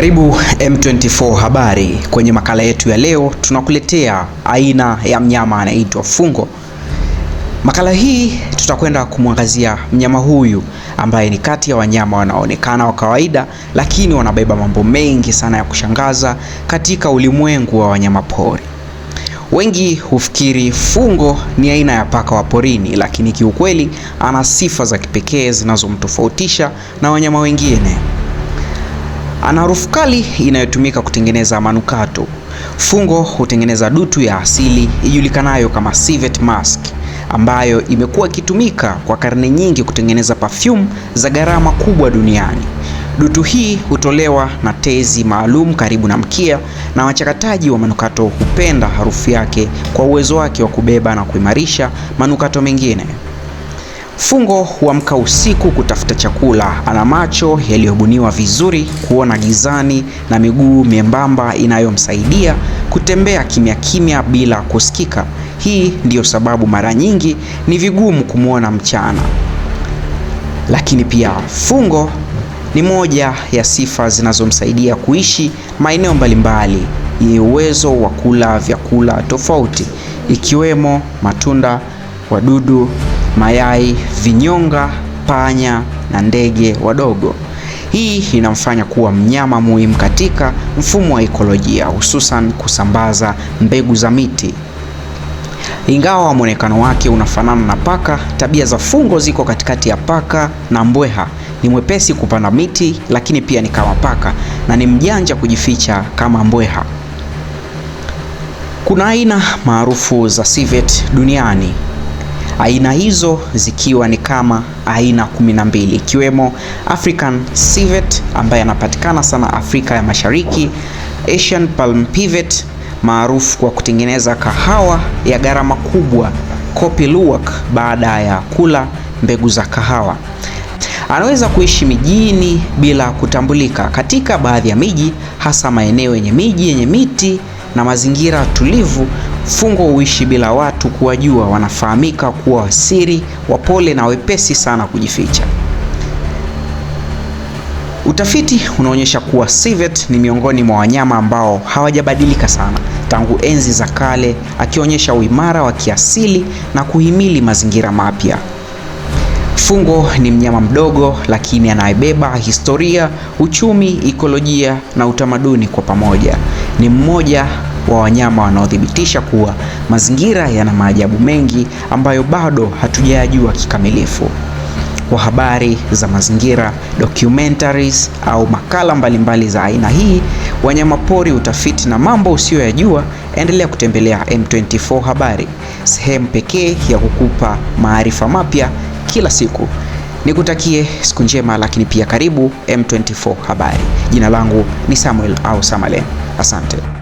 Karibu M24 habari. Kwenye makala yetu ya leo tunakuletea aina ya mnyama anaitwa fungo. Makala hii tutakwenda kumwangazia mnyama huyu ambaye ni kati ya wanyama wanaoonekana wa kawaida, lakini wanabeba mambo mengi sana ya kushangaza katika ulimwengu wa wanyama pori. Wengi hufikiri fungo ni aina ya paka wa porini, lakini kiukweli ana sifa za kipekee zinazomtofautisha na wanyama wengine. Ana harufu kali inayotumika kutengeneza manukato. Fungo hutengeneza dutu ya asili ijulikanayo kama civet mask, ambayo imekuwa ikitumika kwa karne nyingi kutengeneza perfume za gharama kubwa duniani. Dutu hii hutolewa na tezi maalum karibu na mkia, na wachakataji wa manukato hupenda harufu yake kwa uwezo wake wa kubeba na kuimarisha manukato mengine. Fungo huamka usiku kutafuta chakula. Ana macho yaliyobuniwa vizuri kuona gizani na miguu miembamba inayomsaidia kutembea kimya kimya bila kusikika. Hii ndiyo sababu mara nyingi ni vigumu kumwona mchana. Lakini pia fungo ni moja ya sifa zinazomsaidia kuishi maeneo mbalimbali yenye uwezo wa kula vyakula tofauti ikiwemo matunda, wadudu mayai, vinyonga, panya na ndege wadogo. Hii inamfanya kuwa mnyama muhimu katika mfumo wa ekolojia, hususan kusambaza mbegu za miti. Ingawa mwonekano wake unafanana na paka, tabia za Fungo ziko katikati ya paka na mbweha. Ni mwepesi kupanda miti, lakini pia ni kama paka, na ni mjanja kujificha kama mbweha. Kuna aina maarufu za civet duniani aina hizo zikiwa ni kama aina 12 ikiwemo African civet ambaye anapatikana sana Afrika ya Mashariki, Asian palm pivot maarufu kwa kutengeneza kahawa ya gharama kubwa, Kopi Luwak, baada ya kula mbegu za kahawa. Anaweza kuishi mijini bila kutambulika katika baadhi ya miji, hasa maeneo yenye miji yenye miti na mazingira tulivu, Fungo huishi bila watu kuwajua. Wanafahamika kuwa wasiri, wapole na wepesi sana kujificha. Utafiti unaonyesha kuwa civet ni miongoni mwa wanyama ambao hawajabadilika sana tangu enzi za kale, akionyesha uimara wa kiasili na kuhimili mazingira mapya. Fungo ni mnyama mdogo lakini anayebeba historia, uchumi, ikolojia na utamaduni kwa pamoja ni mmoja wa wanyama wanaothibitisha kuwa mazingira yana maajabu mengi ambayo bado hatujayajua kikamilifu. Kwa habari za mazingira, documentaries au makala mbalimbali za aina hii, wanyamapori, utafiti na mambo usiyoyajua, endelea kutembelea M24 Habari, sehemu pekee ya kukupa maarifa mapya kila siku. Nikutakie siku njema, lakini pia karibu M24 Habari. Jina langu ni Samuel au Samalen. Asante.